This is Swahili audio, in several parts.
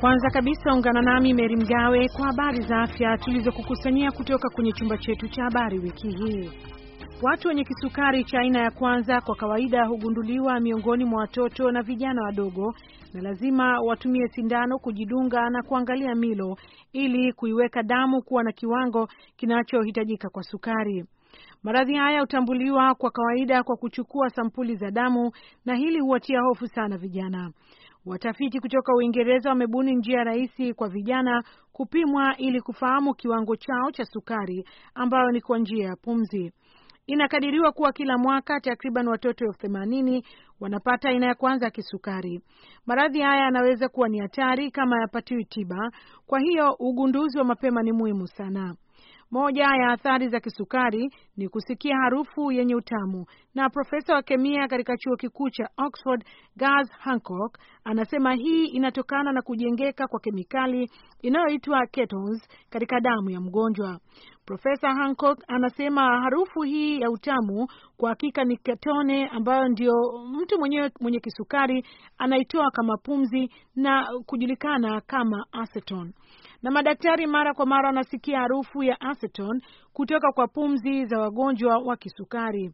Kwanza kabisa ungana nami Meri Mgawe kwa habari za afya tulizokukusanyia kutoka kwenye chumba chetu cha habari wiki hii. Watu wenye kisukari cha aina ya kwanza kwa kawaida hugunduliwa miongoni mwa watoto na vijana wadogo, na lazima watumie sindano kujidunga na kuangalia milo ili kuiweka damu kuwa na kiwango kinachohitajika kwa sukari. Maradhi haya hutambuliwa kwa kawaida kwa kuchukua sampuli za damu, na hili huwatia hofu sana vijana. Watafiti kutoka Uingereza wamebuni njia rahisi kwa vijana kupimwa ili kufahamu kiwango chao cha sukari ambayo ni kwa njia ya pumzi. Inakadiriwa kuwa kila mwaka takriban watoto elfu themanini wanapata aina ya kwanza ya kisukari. Maradhi haya yanaweza kuwa ni hatari kama yapatiwi tiba, kwa hiyo ugunduzi wa mapema ni muhimu sana. Moja ya athari za kisukari ni kusikia harufu yenye utamu, na profesa wa kemia katika chuo kikuu cha Oxford gas Hancock anasema hii inatokana na kujengeka kwa kemikali inayoitwa ketones katika damu ya mgonjwa. Profesa Hancock anasema harufu hii ya utamu kwa hakika ni ketone ambayo ndio mtu mwenyewe mwenye kisukari anaitoa kama pumzi na kujulikana kama acetone na madaktari mara kwa mara wanasikia harufu ya aceton kutoka kwa pumzi za wagonjwa wa kisukari.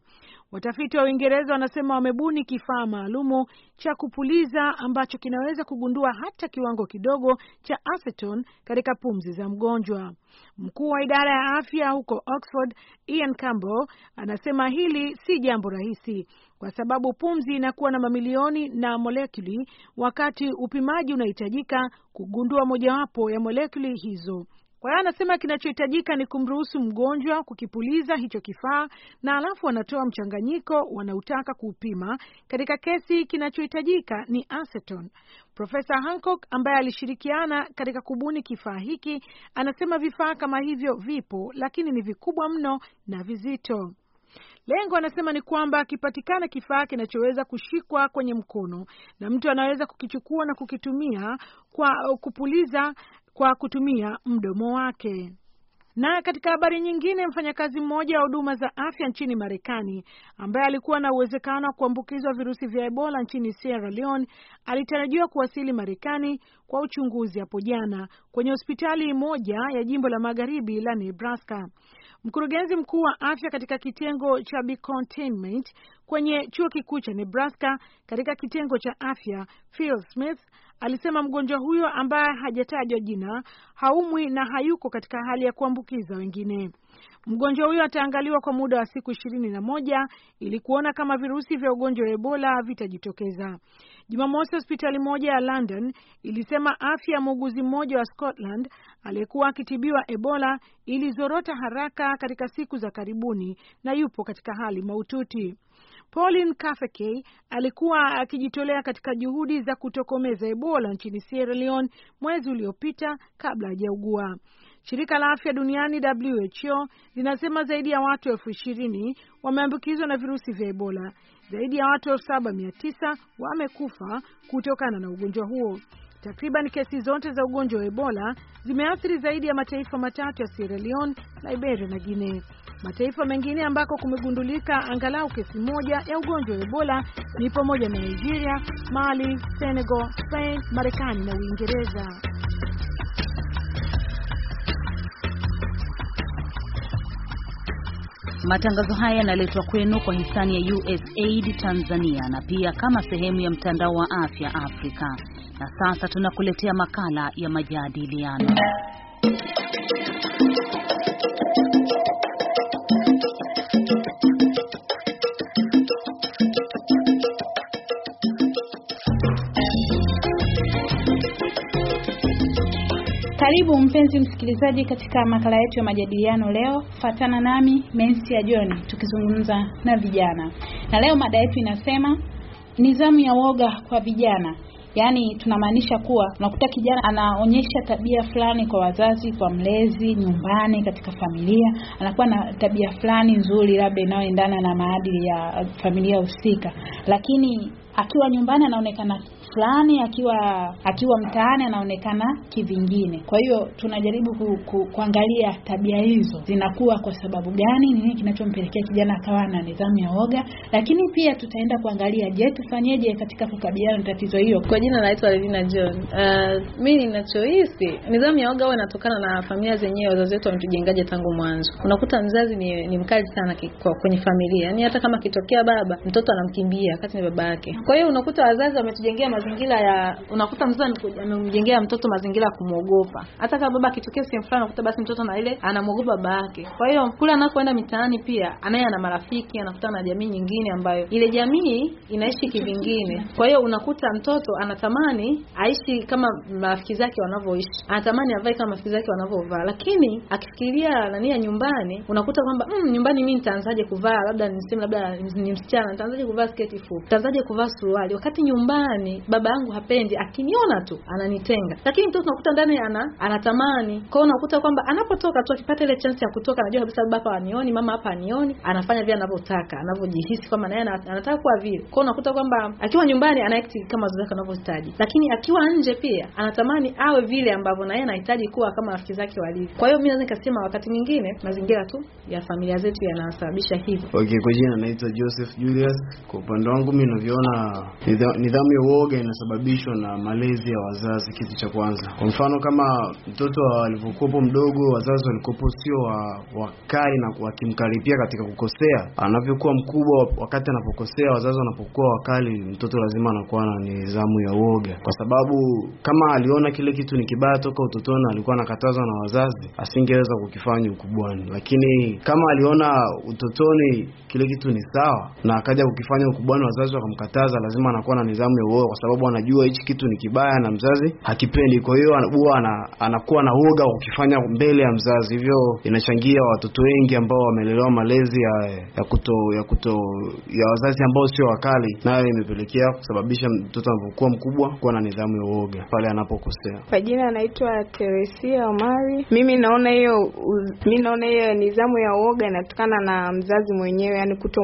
Watafiti wa Uingereza wanasema wamebuni kifaa maalumu cha kupuliza ambacho kinaweza kugundua hata kiwango kidogo cha aceton katika pumzi za mgonjwa. Mkuu wa idara ya afya huko Oxford, Ian Campbell, anasema hili si jambo rahisi kwa sababu pumzi inakuwa na mamilioni na molekuli, wakati upimaji unahitajika kugundua mojawapo ya molekuli hizo. Kwa hiyo anasema kinachohitajika ni kumruhusu mgonjwa kukipuliza hicho kifaa, na alafu wanatoa mchanganyiko wanaotaka kuupima. Katika kesi, kinachohitajika ni acetone. Profesa Hancock ambaye alishirikiana katika kubuni kifaa hiki anasema vifaa kama hivyo vipo, lakini ni vikubwa mno na vizito. Lengo anasema ni kwamba akipatikana kifaa kinachoweza kushikwa kwenye mkono na mtu anaweza kukichukua na kukitumia kwa kupuliza kwa kutumia mdomo wake. Na katika habari nyingine, mfanyakazi mmoja wa huduma za afya nchini Marekani ambaye alikuwa na uwezekano wa kuambukizwa virusi vya Ebola nchini Sierra Leone alitarajiwa kuwasili Marekani kwa uchunguzi hapo jana kwenye hospitali moja ya jimbo la magharibi la Nebraska. Mkurugenzi mkuu wa afya katika kitengo cha containment kwenye chuo kikuu cha Nebraska katika kitengo cha afya Phil Smith Alisema mgonjwa huyo ambaye hajatajwa jina haumwi na hayuko katika hali ya kuambukiza wengine. Mgonjwa huyo ataangaliwa kwa muda wa siku ishirini na moja ili kuona kama virusi vya ugonjwa wa Ebola vitajitokeza. Jumamosi, hospitali moja ya London ilisema afya ya muuguzi mmoja wa Scotland aliyekuwa akitibiwa Ebola ilizorota haraka katika siku za karibuni na yupo katika hali mahututi. Pauline Kafeke alikuwa akijitolea katika juhudi za kutokomeza Ebola nchini Sierra Leone mwezi uliopita kabla hajaugua. Shirika la Afya Duniani WHO linasema zaidi ya watu elfu ishirini wameambukizwa na virusi vya Ebola. Zaidi ya watu elfu saba mia tisa wamekufa kutokana na ugonjwa huo. Takriban kesi zote za ugonjwa wa Ebola zimeathiri zaidi ya mataifa matatu ya Sierra Leone, Liberia na Guinea. Mataifa mengine ambako kumegundulika angalau kesi moja ya ugonjwa wa Ebola ni pamoja na Nigeria, Mali, Senegal, Spain, Marekani na Uingereza. Matangazo haya yanaletwa kwenu kwa hisani ya USAID Tanzania na pia kama sehemu ya mtandao wa afya Afrika. Na sasa tunakuletea makala ya majadiliano. Karibu mpenzi msikilizaji katika makala yetu ya majadiliano leo. Fatana nami Mensi ya John tukizungumza na vijana, na leo mada yetu inasema nidhamu ya woga kwa vijana. Yaani tunamaanisha kuwa unakuta kijana anaonyesha tabia fulani kwa wazazi, kwa mlezi, nyumbani, katika familia, anakuwa na tabia fulani nzuri, labda inayoendana na maadili ya familia husika, lakini akiwa nyumbani anaonekana fulani, akiwa akiwa mtaani anaonekana kivingine. Kwa hiyo tunajaribu ku, ku, kuangalia tabia hizo zinakuwa kwa sababu gani, nini kinachompelekea kijana akawa na nidhamu ya woga, lakini pia tutaenda kuangalia, je, tufanyeje katika kukabiliana na tatizo hilo. Kwa jina naitwa Lina John. Uh, mi ninachohisi nidhamu ya woga huwa inatokana na familia zenyewe, wazazi wetu wametujengaje tangu mwanzo. Unakuta mzazi ni, ni mkali sana kwa kwenye familia, yaani hata kama akitokea baba, mtoto anamkimbia wakati ni baba yake. Kwa hiyo unakuta wazazi wametujengea mazingira ya unakuta mzee amemjengea mtoto mazingira ya kumwogopa. Hata kama baba akitokea sehemu fulani, unakuta basi mtoto na ile anamwogopa baba yake. Kwa hiyo kule anakoenda mitaani, pia anaye ana marafiki, anakutana na jamii nyingine ambayo ile jamii inaishi kivingine. Kwa hiyo unakuta mtoto anatamani aishi kama marafiki zake wanavyoishi, anatamani avae kama marafiki zake wanavyovaa, lakini akifikiria nani ya nyumbani, unakuta kwamba mm, nyumbani mimi nitaanzaje kuvaa, labda niseme, labda ni msichana, nitaanzaje kuvaa sketi fupi, nitaanzaje kuvaa suruali, wakati nyumbani baba yangu hapendi, akiniona tu ananitenga. Lakini mtoto unakuta ndani ana anatamani kwao, unakuta kwamba anapotoka tu akipata ile chance ya kutoka, anajua kabisa baba hapa anioni, mama hapa anioni, anafanya vile anavyotaka, anavyojihisi kwamba naye anataka kuwa vile kwao. Unakuta kwamba akiwa nyumbani ana act kama wazazi anavyohitaji, lakini akiwa nje pia anatamani awe vile ambavyo naye anahitaji kuwa kama rafiki zake walivyo. Kwa hiyo mimi naweza nikasema wakati mwingine mazingira tu ya familia zetu yanasababisha hivyo. Okay, kwa jina naitwa Joseph Julius. Kwa upande wangu mimi ninavyoona nidhamu ya uoga yake inasababishwa na malezi ya wazazi, kitu cha kwanza. Kwa mfano kama mtoto alivyokuwepo mdogo, wazazi walikopo sio wakali na wakimkaribia katika kukosea, anavyokuwa mkubwa, wakati anapokosea, wazazi wanapokuwa wakali, mtoto lazima anakuwa na nizamu ya uoga, kwa sababu kama aliona kile kitu ni kibaya toka utotoni, alikuwa anakatazwa na wazazi, asingeweza kukifanya ukubwani. Lakini kama aliona utotoni kile kitu ni sawa na akaja kukifanya ukubwani, wazazi wakamkataza, lazima anakuwa na nizamu ya uoga kwa sababu anajua hichi kitu ni kibaya na mzazi hakipendi. Kwa hiyo huwa ana, anakuwa na uoga kukifanya mbele ya mzazi, hivyo inachangia watoto wengi ambao wamelelewa malezi ya, ya kuto ya kuto ya wazazi ambao sio wakali, nayo imepelekea kusababisha mtoto anapokuwa mkubwa kuwa na nidhamu ya uoga pale anapokosea. Kwa jina anaitwa Teresia Omari. Mimi naona hiyo mimi naona hiyo nidhamu ya uoga inatokana na mzazi mwenyewe, yani kuto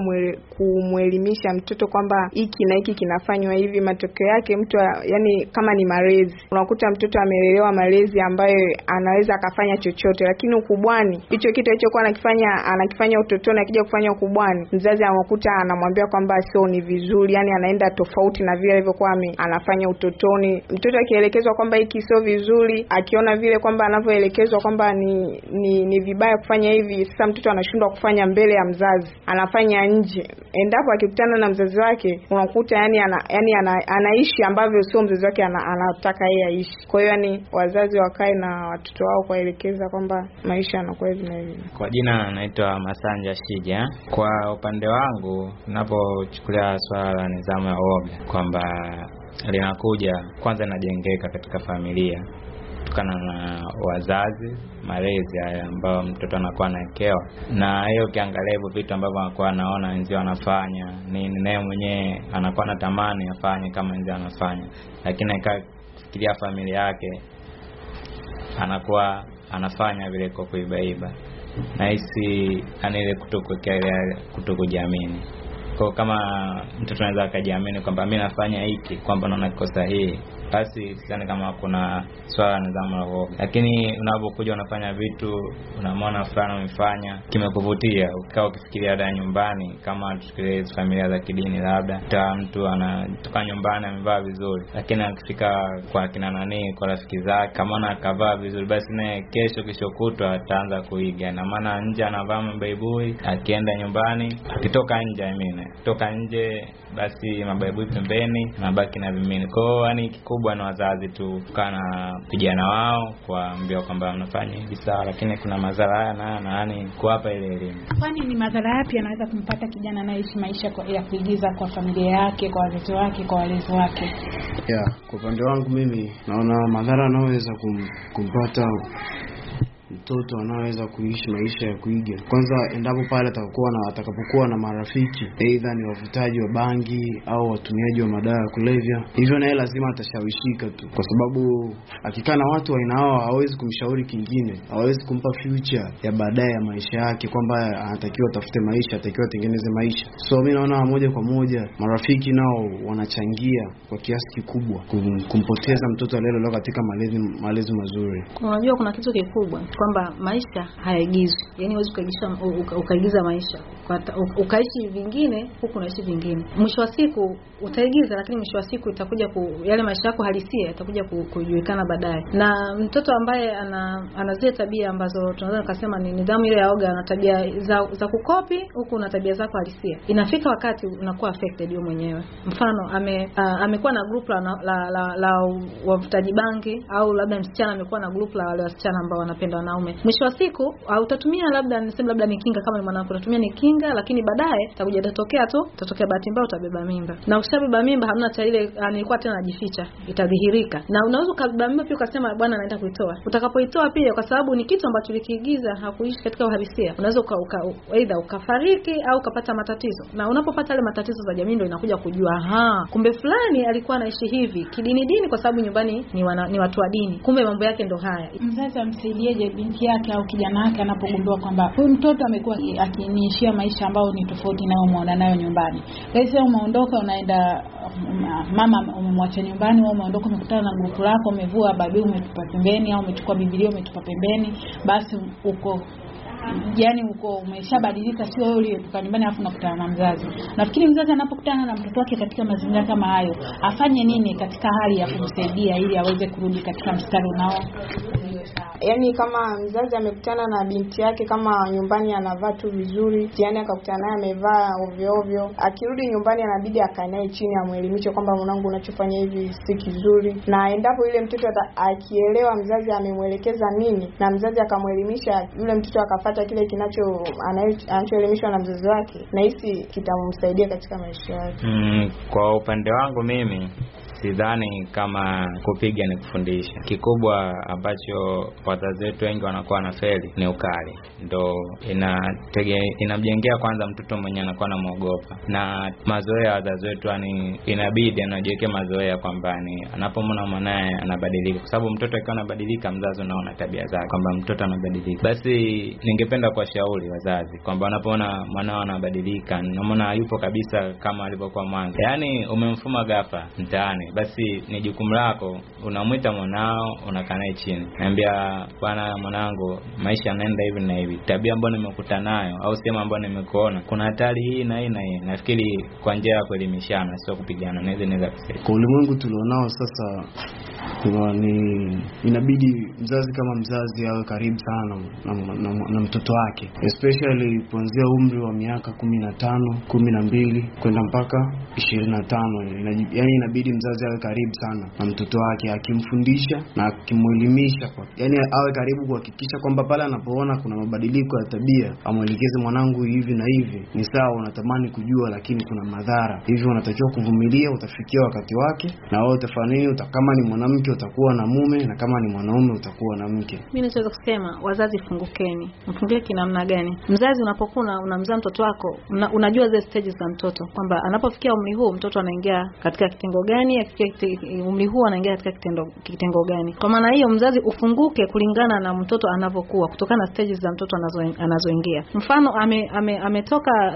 kumwelimisha mtoto kwamba hiki na hiki kinafanywa hivi, matokeo yake mtu yani, kama ni malezi, unakuta mtoto amelelewa malezi ambayo anaweza akafanya chochote, lakini ukubwani hicho kitu alichokuwa anakifanya anakifanya utotoni, akija kufanya ukubwani, mzazi anakuta anamwambia kwamba sio, ni vizuri, yani anaenda tofauti na vile alivyokuwa anafanya utotoni. Mtoto akielekezwa kwamba hiki sio vizuri, akiona vile kwamba anavyoelekezwa kwamba ni, ni ni vibaya kufanya hivi, sasa mtoto anashindwa kufanya mbele ya mzazi, anafanya nje. Endapo akikutana na mzazi wake unakuta yani, ana, yani ana, ana aishi ambavyo sio mzazi wake anataka yeye aishi. Kwa hiyo yani wazazi wakae na watoto wao kuwaelekeza kwamba maisha yanakuwa hivi na hivi. Kwa jina naitwa Masanja Shija. Kwa upande wangu, napochukulia swala la nidhamu ya uoga kwamba linakuja kwanza, inajengeka katika familia kutokana na wazazi, malezi haya ambayo mtoto anakuwa anawekewa. Na hiyo ukiangalia hivyo vitu ambavyo anakuwa anaona wenzio anafanya nini, naye mwenyewe anakuwa na tamani afanye kama wenzio anafanya, lakini akaa kufikiria familia yake, anakuwa anafanya vile kwa kuibaiba. Nahisi yani ile kutokuwekea kujiamini kutokujiamini kwa kama mtoto anaweza akajiamini kwamba mi nafanya hiki, kwamba naona kosa hii basi sidhani kama kuna swala la nidhamu lakini unapokuja unafanya vitu unamwona fulani umefanya kimekuvutia, ukikaa ukifikiria da nyumbani, kama tufikirie hizi familia za kidini, labda ta mtu anatoka nyumbani amevaa vizuri, lakini akifika kwa kina nani, kwa rafiki zake, kama na akavaa vizuri, basi naye kesho kishokutwa ataanza kuiga. Na maana nje anavaa mabaibui, akienda nyumbani, akitoka nje I mean, akitoka nje basi mabaibui pembeni, nabaki na vimini kwao, yani kikubwa wakubwa na wazazi tu, tukaa na vijana wao kuwaambia kwamba mnafanya hivi sawa, lakini kuna madhara haya na nani kuwapa ile elimu. Kwani ni madhara yapi anaweza kumpata kijana anayeishi maisha kwa, ya kuigiza kwa familia yake, kwa watoto wake, kwa walezi wake? Yeah, kwa upande wangu mimi naona madhara anaweza kum, kumpata mtoto anaweza kuishi maisha ya kuiga. Kwanza endapo pale atakapokuwa na atakapokuwa na marafiki aidha ni wavutaji wa bangi au watumiaji wa madawa ya kulevya, hivyo naye lazima atashawishika tu, kwa sababu akikaa na watu aina hao hawezi kumshauri kingine, hawezi kumpa future ya baadaye ya maisha yake, kwamba anatakiwa atafute maisha, atakiwa atengeneze maisha. So mi naona moja kwa moja marafiki nao wanachangia kwa kiasi kikubwa kumpoteza mtoto aliyelelewa katika malezi malezi mazuri. Unajua kuna kitu kikubwa kwamba maisha hayaigizwi, yani huwezi ukaigiza maisha ukaishi vingine huku unaishi vingine. Mwisho wa siku utaigiza, lakini mwisho wa siku itakuja ku, yale maisha yako halisia yatakuja kujulikana baadaye. Na mtoto ambaye ana, ana zile tabia ambazo tunaweza kusema ni nidhamu ile ya oga, ana tabia za, za kukopi huku na tabia zako halisia, inafika wakati unakuwa affected wewe mwenyewe. Mfano ame, uh, amekuwa na group la, la, la, la, la wavutaji bangi au labda msichana amekuwa na group la wale wasichana ambao wanapenda na mwanaume. Mwisho wa siku utatumia labda niseme labda ni kinga, kama ni mwanamke utatumia ni kinga, lakini baadaye utakuja itatokea tu itatokea bahati mbaya, utabeba mimba, na ukishabeba mimba hamna cha ile ah, nilikuwa tena najificha, itadhihirika. Na unaweza ukabeba mimba pia ukasema bwana naenda kuitoa. Utakapoitoa pia, kwa sababu ni kitu ambacho ulikiigiza, hakuishi katika uhalisia, unaweza uka, uka, ukafariki au ukapata matatizo, na unapopata yale matatizo za jamii ndio inakuja kujua, aha, kumbe fulani alikuwa anaishi hivi kidini dini, kwa sababu nyumbani ni, wana, ni watu wa dini, kumbe mambo yake ndo haya. Mzazi amsaidieje binti yake au kijana wake anapogundua kwamba huyu mtoto amekuwa akiniishia maisha ambayo ni tofauti nayo mwaona nayo nyumbani. Laisi umeondoka unaenda um, mama umemwacha nyumbani, au umeondoka, umekutana na grupu lako, umevua babi umetupa pembeni, au umechukua bibilia umetupa pembeni, basi uko yaani uko umeshabadilika, sio wewe uliyetoka nyumbani alafu nakutana na mzazi. Nafikiri mzazi anapokutana na mtoto wake katika mazingira kama hayo, afanye nini katika hali ya kumsaidia ili aweze kurudi katika mstari unao yani kama mzazi amekutana na binti yake, kama nyumbani anavaa tu vizuri, yani akakutana naye amevaa ovyo ovyo, akirudi nyumbani anabidi akanae chini, amwelimishe kwamba mwanangu, unachofanya hivi si kizuri. Na endapo yule mtoto akielewa mzazi amemwelekeza nini na mzazi akamwelimisha, yule mtoto akafata kile kinacho anachoelimishwa na mzazi wake, nahisi kitamsaidia katika maisha yake. Mm, kwa upande wangu mimi sidhani kama kupiga ni kufundisha. Kikubwa ambacho wazazi wetu wengi wanakuwa na feli ni ukali, ndo inatege, inamjengea kwanza mtoto mwenye anakuwa namwogopa na mazoea ya wazazi wetu, yani inabidi anajiwekea mazoea kwamba ni anapomona mwanaye anabadilika, kwa sababu mtoto akiwa anabadilika, mzazi unaona tabia zake kwamba mtoto anabadilika. Basi ningependa kuwashauri wazazi kwamba wanapoona mwanao anabadilika, namona yupo kabisa kama alivyokuwa mwanzo, yani umemfuma gafa mtaani basi ni jukumu lako. Unamwita mwanao, unakaa naye chini, naambia bwana, mwanangu, maisha yanaenda hivi na hivi, tabia ambayo nimekuta nayo au sehemu ambayo nimekuona, kuna hatari hii na hii na hii. Nafikiri kwa njia ya kuelimishana, sio kupigana, naweza naweza kusema kwa ulimwengu tulionao sasa ni inabidi mzazi kama mzazi awe karibu sana na, na, na, na mtoto wake especially kuanzia umri wa miaka kumi na tano kumi na mbili kwenda mpaka ishirini na tano yaani inabidi mzazi awe karibu sana na mtoto wake akimfundisha na akimwelimisha yaani awe karibu kuhakikisha kwamba pale anapoona kuna mabadiliko ya tabia amwelekeze mwanangu hivi na hivi ni sawa unatamani kujua lakini kuna madhara hivyo unatakiwa kuvumilia utafikia wakati wake na wewe utafanya nini kama ni mwanamke mke utakuwa na mume, na kama ni mwanaume utakuwa na mke. Mimi naweza kusema wazazi, fungukeni. Mfunguke kinamna gani? Mzazi unapokuwa unamzaa mtoto wako una, unajua zile stages za mtoto kwamba anapofikia umri huu mtoto anaingia katika kitengo gani, akifikia umri huu anaingia katika kitendo, kitengo gani. Kwa maana hiyo mzazi ufunguke kulingana na mtoto anavyokuwa, kutokana na stages za mtoto anazoingia anazo. Mfano ametoka ame, ame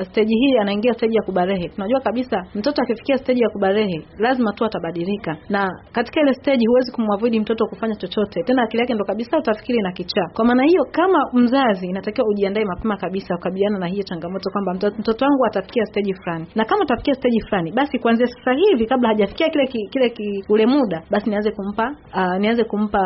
stage hii anaingia stage ya kubarehe. Tunajua kabisa mtoto akifikia stage ya kubarehe lazima tu atabadilika, na katika ile stage huwezi kumwavidi mtoto kufanya chochote, tena akili yake ndo kabisa utafikiri na kichaa. Kwa maana hiyo, kama mzazi inatakiwa ujiandae mapema kabisa kukabiliana na hiyo changamoto kwamba mtoto wangu atafikia stage fulani, na kama atafikia stage fulani, basi kuanzia sasa hivi kabla hajafikia kile ki, kile ki, ule muda, basi nianze kumpa uh, nianze kumpa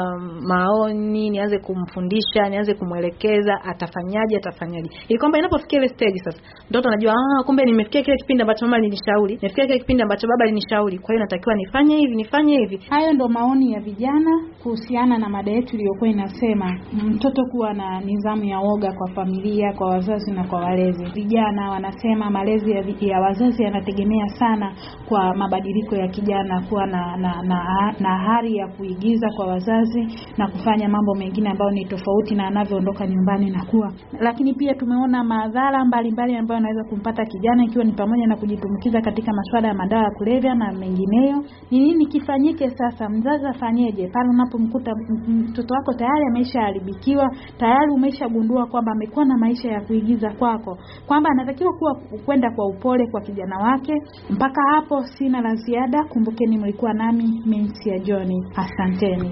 maoni, nianze kumfundisha, nianze kumwelekeza atafanyaje, atafanyaje, ili kwamba inapofikia ile stage sasa mtoto anajua ah, kumbe nimefikia kile kipindi ambacho mama alinishauri, nimefikia kile kipindi ambacho baba alinishauri, kwa hiyo natakiwa nifanye hivi, nifanye hivi. Hayo ndo maoni maoni ya vijana kuhusiana na mada yetu iliyokuwa inasema mtoto kuwa na nidhamu ya woga kwa familia, kwa wazazi na kwa walezi. Vijana wanasema malezi ya, ya wazazi yanategemea sana kwa mabadiliko ya kijana kuwa na, na, na, na hari ya kuigiza kwa wazazi na kufanya mambo mengine ambayo ni tofauti na anavyoondoka nyumbani na kuwa. Lakini pia tumeona madhara mbalimbali ambayo anaweza kumpata kijana ikiwa ni pamoja na kujitumbukiza katika masuala ya madawa ya kulevya na mengineyo. Ni nini kifanyike sasa? Mzazi mzazi afanyeje pale unapomkuta mtoto wako tayari ameshaharibikiwa, tayari umeshagundua kwamba amekuwa na maisha ya kuigiza kwako, kwamba anatakiwa kuwa kwenda kwa upole kwa kijana wake. Mpaka hapo sina la ziada. Kumbukeni mlikuwa nami Mensia John, asanteni.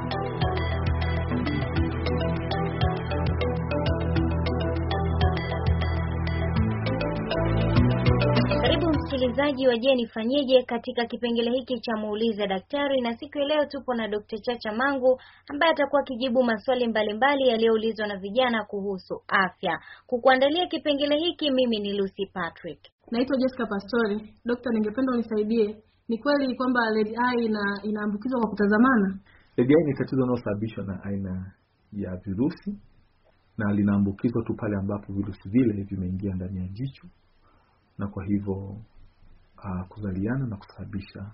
msikilizaji wa Je Nifanyeje katika kipengele hiki cha muulize daktari, na siku ya leo tupo na Dr. Chacha Mangu ambaye atakuwa akijibu maswali mbalimbali yaliyoulizwa na vijana kuhusu afya. Kukuandalia kipengele hiki mimi ni Lucy Patrick. Naitwa Jessica Pastori. Dokta, ningependa unisaidie, ni kweli kwamba red eye ina inaambukizwa kwa kutazamana? Red eye ni tatizo linalosababishwa na aina ya virusi na linaambukizwa tu pale ambapo virusi vile vimeingia ndani ya jicho na kwa hivyo uh, kuzaliana na kusababisha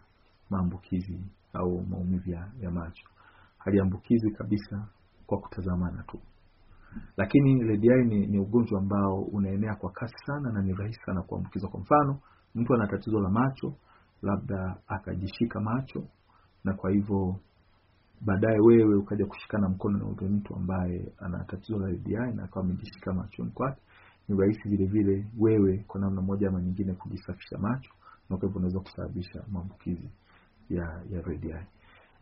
maambukizi au maumivu ya ya macho. Haliambukizi kabisa kwa kutazamana tu, lakini red ni, ni ugonjwa ambao unaenea kwa kasi sana na ni rahisi sana kuambukizwa. Kwa mfano mtu ana tatizo la macho, labda akajishika macho, na kwa hivyo baadaye wewe ukaja kushikana mkono na ule mtu ambaye ana tatizo la red na akawa amejishika machoni kwake, ni rahisi vile vile wewe kwa namna moja ama nyingine kujisafisha macho na kwa hivyo unaweza kusababisha maambukizi ya ya rediai.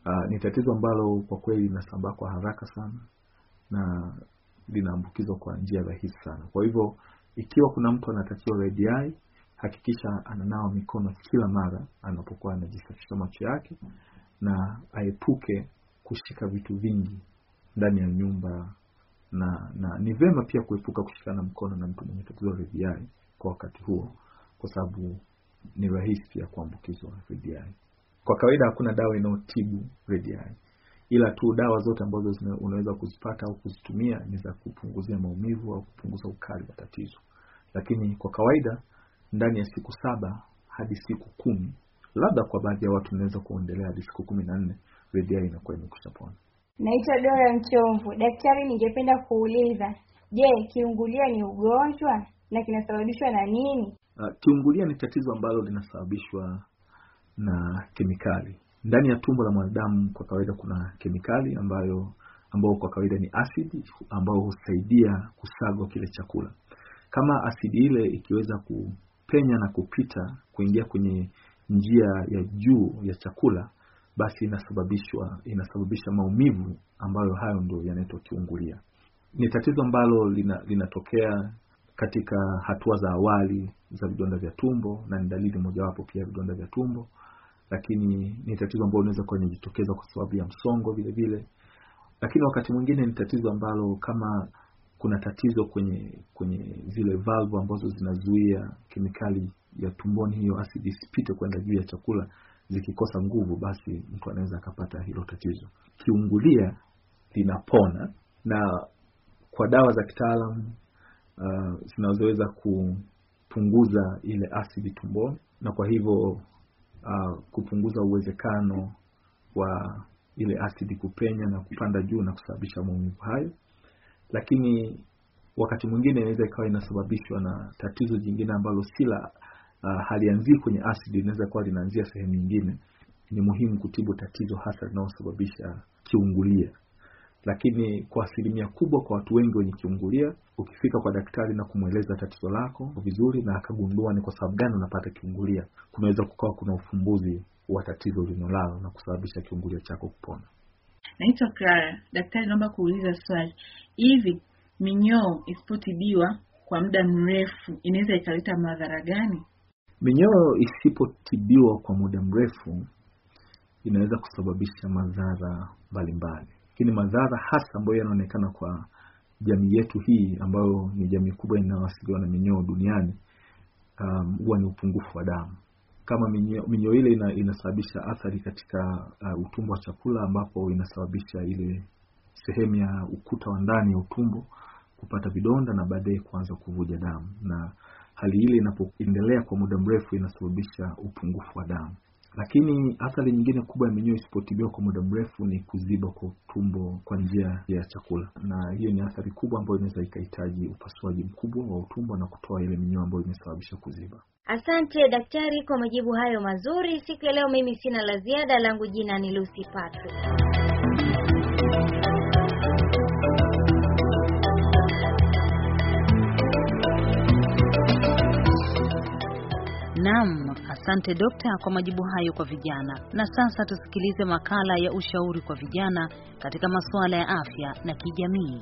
Uh, ah, ni tatizo ambalo kwa kweli linasambaa kwa haraka sana na linaambukizwa kwa njia rahisi sana. Kwa hivyo ikiwa kuna mtu anatakiwa redi hakikisha ananawa mikono kila mara anapokuwa anajisafisha macho yake, na aepuke kushika vitu vingi ndani ya nyumba, na na ni vema pia kuepuka kushikana mkono na mtu mwenye tatizo la kwa wakati huo, kwa sababu ni rahisi pia kuambukizwa rediai. Kwa kawaida hakuna dawa inayotibu rediai, ila tu dawa zote ambazo unaweza kuzipata au kuzitumia ni za kupunguzia maumivu au kupunguza ukali wa tatizo, lakini kwa kawaida ndani ya siku saba hadi siku kumi, labda kwa baadhi ya watu unaweza kuendelea hadi siku kumi na nne, rediai inakuwa imekwisha pona. Naitwa Dora Mchomvu. Daktari, ningependa kuuliza, je, kiungulia ni ugonjwa na kinasababishwa na nini? Uh, kiungulia ni tatizo ambalo linasababishwa na kemikali ndani ya tumbo la mwanadamu. Kwa kawaida kuna kemikali ambayo ambao kwa kawaida ni asidi ambao husaidia kusagwa kile chakula. Kama asidi ile ikiweza kupenya na kupita kuingia kwenye njia ya juu ya chakula, basi inasababishwa inasababisha maumivu ambayo hayo ndio yanaitwa kiungulia. Ni tatizo ambalo linatokea katika hatua za awali za vidonda vya tumbo, na ni dalili mojawapo pia ya vidonda vya tumbo, lakini ni tatizo ambalo unaweza kuwa linajitokeza kwa sababu ya msongo vile vile, lakini wakati mwingine ni tatizo ambalo kama kuna tatizo kwenye kwenye zile valvu ambazo zinazuia kemikali ya tumboni hiyo asidi isipite kwenda juu ya chakula, zikikosa nguvu, basi mtu anaweza akapata hilo tatizo. Kiungulia linapona na kwa dawa za kitaalamu uh, zinazoweza kupunguza ile asidi tumboni na kwa hivyo uh, kupunguza uwezekano wa ile asidi kupenya na kupanda juu na kusababisha maumivu hayo, lakini wakati mwingine inaweza ikawa inasababishwa na tatizo jingine ambalo si la uh, halianzii kwenye asidi, inaweza kuwa linaanzia sehemu nyingine. Ni muhimu kutibu tatizo hasa linalosababisha kiungulia lakini kwa asilimia kubwa, kwa watu wengi wenye kiungulia, ukifika kwa daktari na kumweleza tatizo lako vizuri na akagundua ni kwa sababu gani unapata kiungulia, kunaweza kukawa kuna ufumbuzi wa tatizo linolalo na kusababisha kiungulia chako kupona. Naitwa Clara. Daktari, naomba kuuliza swali. Hivi minyoo isipotibiwa kwa muda mrefu inaweza ikaleta madhara gani? Minyoo isipotibiwa kwa muda mrefu inaweza kusababisha madhara mbalimbali lakini madhara hasa ambayo yanaonekana kwa jamii yetu hii ambayo ni jamii kubwa inayoasiliwa na minyoo duniani um, huwa um, ni upungufu wa damu. Kama minyoo ile ina, inasababisha athari katika uh, utumbo wa chakula ambapo inasababisha ile sehemu ya ukuta wa ndani ya utumbo kupata vidonda na baadaye kuanza kuvuja damu, na hali ile inapoendelea kwa muda mrefu inasababisha upungufu wa damu. Lakini athari nyingine kubwa ya minyoo isipotibiwa kwa muda mrefu ni kuziba kwa utumbo kwa njia ya chakula, na hiyo ni athari kubwa ambayo inaweza ikahitaji upasuaji mkubwa wa utumbo na kutoa ile minyoo ambayo imesababisha kuziba. Asante daktari kwa majibu hayo mazuri. Siku ya leo mimi sina la ziada, langu jina ni Lucy Patrick. Naam, asante dokta kwa majibu hayo kwa vijana. Na sasa tusikilize makala ya ushauri kwa vijana katika masuala ya afya na kijamii.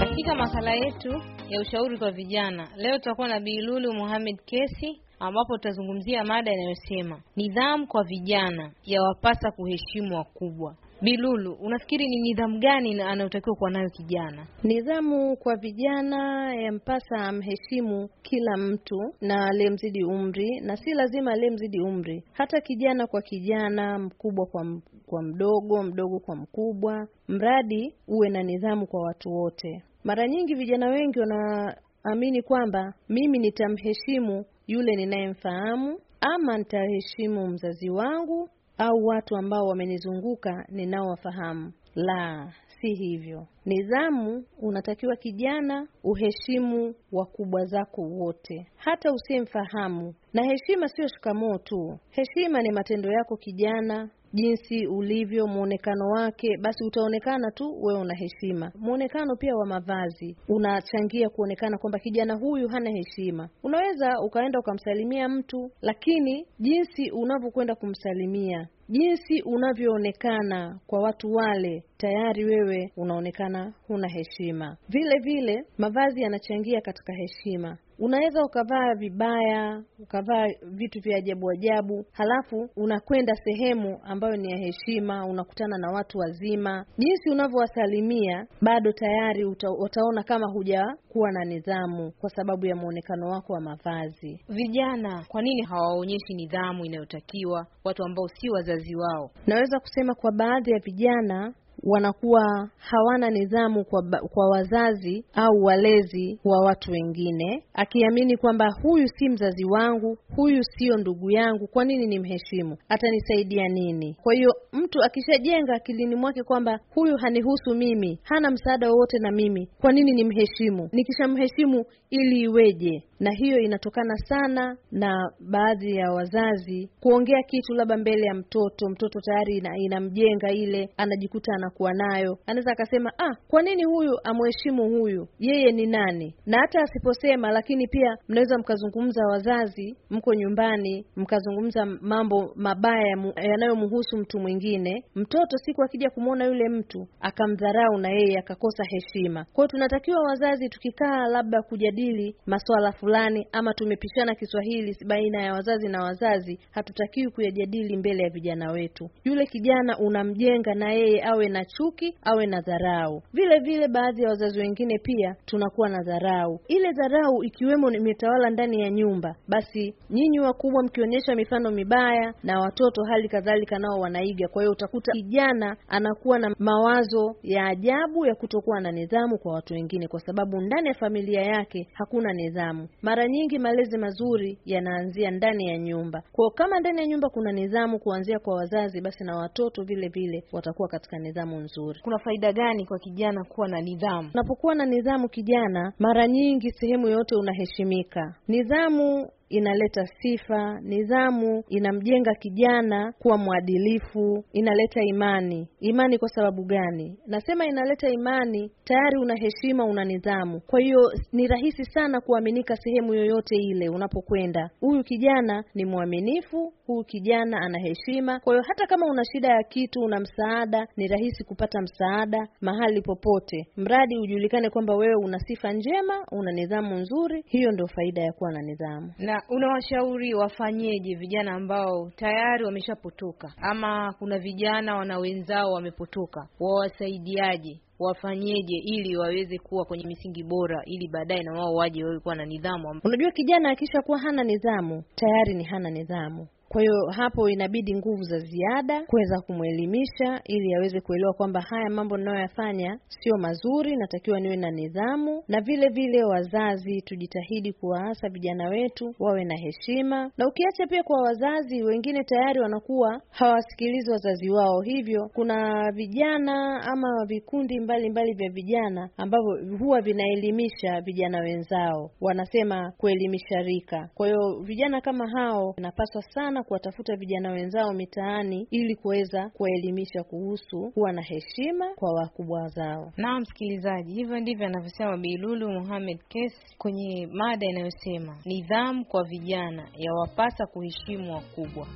Katika makala yetu ya ushauri kwa vijana leo tutakuwa na Bi Lulu Muhammad Kesi ambapo tutazungumzia mada inayosema nidhamu kwa vijana yawapasa kuheshimu wakubwa. Bilulu, unafikiri ni nidhamu gani anayotakiwa kuwa nayo kijana? Nidhamu kwa vijana yampasa amheshimu kila mtu na aliyemzidi umri, na si lazima aliyemzidi umri, hata kijana kwa kijana, mkubwa kwa kwa mdogo, mdogo kwa mkubwa, mradi uwe na nidhamu kwa watu wote. Mara nyingi vijana wengi wana amini kwamba mimi nitamheshimu yule ninayemfahamu, ama nitaheshimu mzazi wangu au watu ambao wamenizunguka ninaowafahamu. La, si hivyo. Nidhamu, unatakiwa kijana uheshimu wakubwa zako wote, hata usiyemfahamu. Na heshima sio shikamoo tu, heshima ni matendo yako kijana jinsi ulivyo, muonekano wake, basi utaonekana tu wewe una heshima. Muonekano pia wa mavazi unachangia kuonekana kwamba kijana huyu hana heshima. Unaweza ukaenda ukamsalimia mtu, lakini jinsi unavyokwenda kumsalimia jinsi unavyoonekana kwa watu wale, tayari wewe unaonekana huna heshima. Vile vile mavazi yanachangia katika heshima. Unaweza ukavaa vibaya, ukavaa vitu vya ajabu ajabu, halafu unakwenda sehemu ambayo ni ya heshima, unakutana na watu wazima. Jinsi unavyowasalimia bado tayari uta, utaona kama hujakuwa na nidhamu kwa sababu ya mwonekano wako wa mavazi. Vijana kwa nini hawaonyeshi nidhamu inayotakiwa watu ambao si wazazi wao? Naweza kusema kwa baadhi ya vijana wanakuwa hawana nidhamu kwa, kwa wazazi au walezi wa watu wengine, akiamini kwamba huyu si mzazi wangu, huyu sio ndugu yangu, kwa nini ni mheshimu Atanisaidia nini? Kwa hiyo mtu akishajenga akilini mwake kwamba huyu hanihusu mimi, hana msaada wowote na mimi, kwa nini ni mheshimu Nikishamheshimu ili iweje? Na hiyo inatokana sana na baadhi ya wazazi kuongea kitu labda mbele ya mtoto, mtoto tayari inamjenga, ina ile anajikuta ana anakuwa nayo. Anaweza akasema ah, kwa nini huyu amheshimu huyu, yeye ni nani? Na hata asiposema, lakini pia mnaweza mkazungumza, wazazi mko nyumbani, mkazungumza mambo mabaya yanayomhusu mtu mwingine. Mtoto siku akija kumwona yule mtu akamdharau, na yeye akakosa heshima. Kwa hiyo tunatakiwa wazazi, tukikaa labda kujadili masuala fulani, ama tumepishana Kiswahili baina ya wazazi na wazazi, hatutakiwi kuyajadili mbele ya vijana wetu. Yule kijana unamjenga na yeye awe na chuki, awe na dharau. Vile vile, baadhi ya wazazi wengine pia tunakuwa na dharau. Ile dharau ikiwemo imetawala ndani ya nyumba, basi nyinyi wakubwa mkionyesha mifano mibaya na watoto hali kadhalika nao wanaiga. Kwa hiyo utakuta kijana anakuwa na mawazo ya ajabu ya kutokuwa na nidhamu kwa watu wengine, kwa sababu ndani ya familia yake hakuna nidhamu. Mara nyingi malezi mazuri yanaanzia ndani ya nyumba. Kwa kama ndani ya nyumba kuna nidhamu kuanzia kwa wazazi, basi na watoto vile vile watakuwa katika nidhamu nidhamu nzuri. Kuna faida gani kwa kijana kuwa na nidhamu? Unapokuwa na nidhamu, kijana, mara nyingi sehemu yote unaheshimika. Nidhamu inaleta sifa. Nidhamu inamjenga kijana kuwa mwadilifu, inaleta imani. Imani kwa sababu gani? Nasema inaleta imani, tayari una heshima, una nidhamu. Kwa hiyo ni rahisi sana kuaminika sehemu yoyote ile unapokwenda. Huyu kijana ni mwaminifu, huyu kijana ana heshima. Kwa hiyo hata kama una shida ya kitu, una msaada, ni rahisi kupata msaada mahali popote, mradi ujulikane kwamba wewe una sifa njema, una nidhamu nzuri. Hiyo ndio faida ya kuwa na nidhamu. Na unawashauri wafanyeje vijana ambao tayari wameshapotoka, ama kuna vijana wana wenzao wamepotoka, wawasaidiaje? wafanyeje ili waweze kuwa kwenye misingi bora, ili baadaye na wao waje wawe kuwa na nidhamu. Unajua, kijana akisha kuwa hana nidhamu, tayari ni hana nidhamu. Kwa hiyo hapo inabidi nguvu za ziada kuweza kumwelimisha ili aweze kuelewa kwamba haya mambo ninayoyafanya sio mazuri, natakiwa niwe na nidhamu. Na vile vile wazazi tujitahidi kuwaasa vijana wetu wawe na heshima, na ukiacha pia kwa wazazi wengine tayari wanakuwa hawasikilizi wazazi wao, hivyo kuna vijana ama vikundi mbalimbali mbali vya vijana ambavyo huwa vinaelimisha vijana wenzao, wanasema kuelimisha rika. Kwa hiyo vijana kama hao inapaswa sana kuwatafuta vijana wenzao mitaani ili kuweza kuwaelimisha kuhusu kuwa na heshima kwa wakubwa zao. Naam, msikilizaji, hivyo ndivyo anavyosema Bilulu Muhammad Kesi kwenye mada inayosema nidhamu kwa vijana yawapasa kuheshimu wakubwa.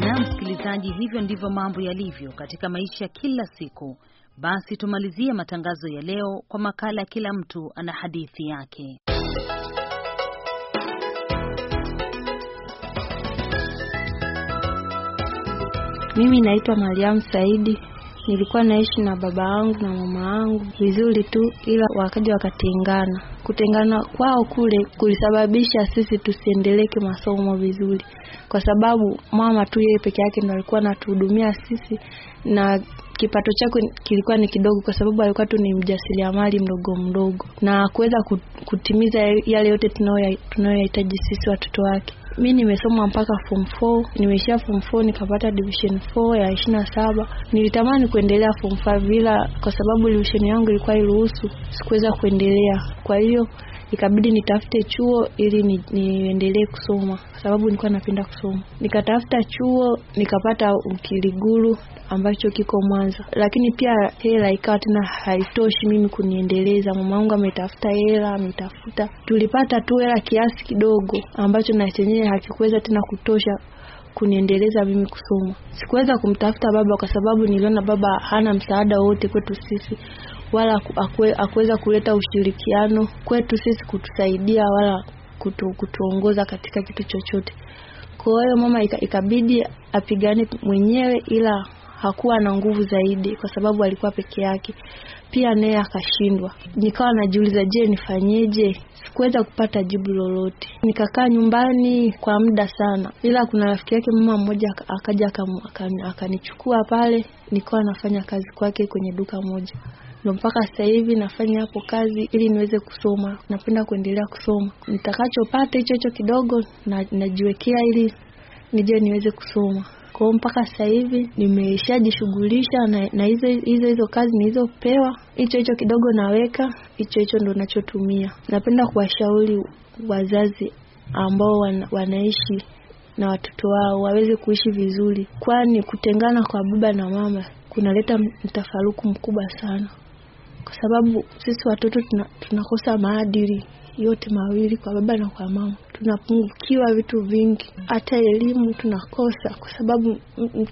na msikilizaji, hivyo ndivyo mambo yalivyo katika maisha kila siku. Basi tumalizie matangazo ya leo kwa makala Kila mtu ana hadithi yake. Mimi naitwa Mariam Saidi Nilikuwa naishi na baba yangu na mama wangu vizuri tu, ila wakaja wakatengana. Kutengana kwao kule kulisababisha sisi tusiendeleke masomo vizuri, kwa sababu mama tu yeye peke yake ndo alikuwa anatuhudumia sisi na kipato chake kilikuwa ni kidogo, kwa sababu alikuwa tu ni mjasiriamali mdogo mdogo, na kuweza kutimiza yale yote tunayoyahitaji sisi watoto wake mi nimesoma mpaka form 4 nimeishia form 4 nikapata division 4 ya 27. Nilitamani kuendelea form 5 bila, kwa sababu division yangu ilikuwa iruhusu, sikuweza kuendelea. Kwa hiyo ikabidi nitafute chuo ili ni, niendelee kusoma kwa sababu nilikuwa napenda kusoma. Nikatafuta chuo nikapata Ukiliguru ambacho kiko Mwanza, lakini pia hela ikawa tena haitoshi mimi kuniendeleza. Mamangu ametafuta hela, ametafuta, tulipata tu hela kiasi kidogo ambacho na chenyewe hakikuweza tena kutosha kuniendeleza mimi kusoma. Sikuweza kumtafuta baba kwa sababu niliona baba hana msaada wote kwetu sisi wala akuweza kuleta ushirikiano kwetu sisi kutusaidia wala kutu, kutuongoza katika kitu chochote. Kwa hiyo mama ikabidi apigane mwenyewe, ila hakuwa na nguvu zaidi kwa sababu alikuwa peke yake, pia naye akashindwa. Nikawa najiuliza, je, nifanyeje? Sikuweza kupata jibu lolote. Nikakaa nyumbani kwa muda sana, ila kuna rafiki yake mama mmoja akaja akanichukua pale, nikawa nafanya kazi kwake kwenye duka moja ndo mpaka sasa hivi nafanya hapo kazi ili niweze kusoma. Napenda kuendelea kusoma, nitakachopata hicho hicho kidogo na, najiwekea ili nije niweze kusoma. Kwa hiyo mpaka sasa hivi nimeshajishughulisha na hizo hizo hizo kazi nilizopewa, hicho hicho kidogo naweka, hicho hicho ndo nachotumia. Napenda kuwashauri wazazi ambao wan, wanaishi na watoto wao waweze kuishi vizuri, kwani kutengana kwa baba na mama kunaleta mtafaruku mkubwa sana kwa sababu sisi watoto tuna, tunakosa maadili yote mawili kwa baba na kwa mama. Tunapungukiwa vitu vingi, hata elimu tunakosa, kwa sababu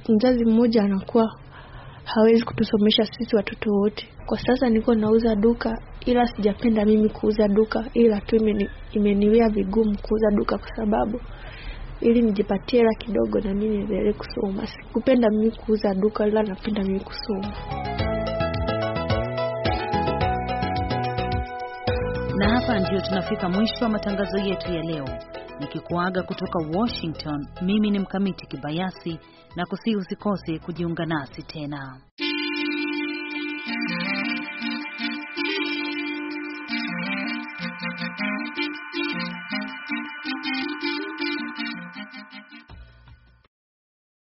mzazi mmoja anakuwa hawezi kutusomesha sisi watoto wote. Kwa sasa niko nauza duka, ila sijapenda mimi kuuza duka, ila tu imeniwea imeniwia vigumu kuuza duka kwa sababu ili nijipatie hela kidogo na mimi niendelee kusoma. Sikupenda mimi kuuza duka, ila napenda mimi kusoma. Na hapa ndio tunafika mwisho wa matangazo yetu ya leo, nikikuaga kutoka Washington. Mimi ni Mkamiti Kibayasi na kusihi usikose kujiunga nasi tena.